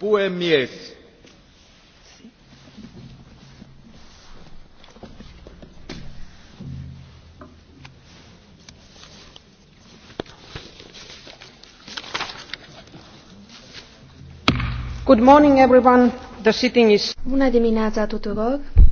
puhemies Good morning everyone. The sitting is... Bună dimineața tuturor!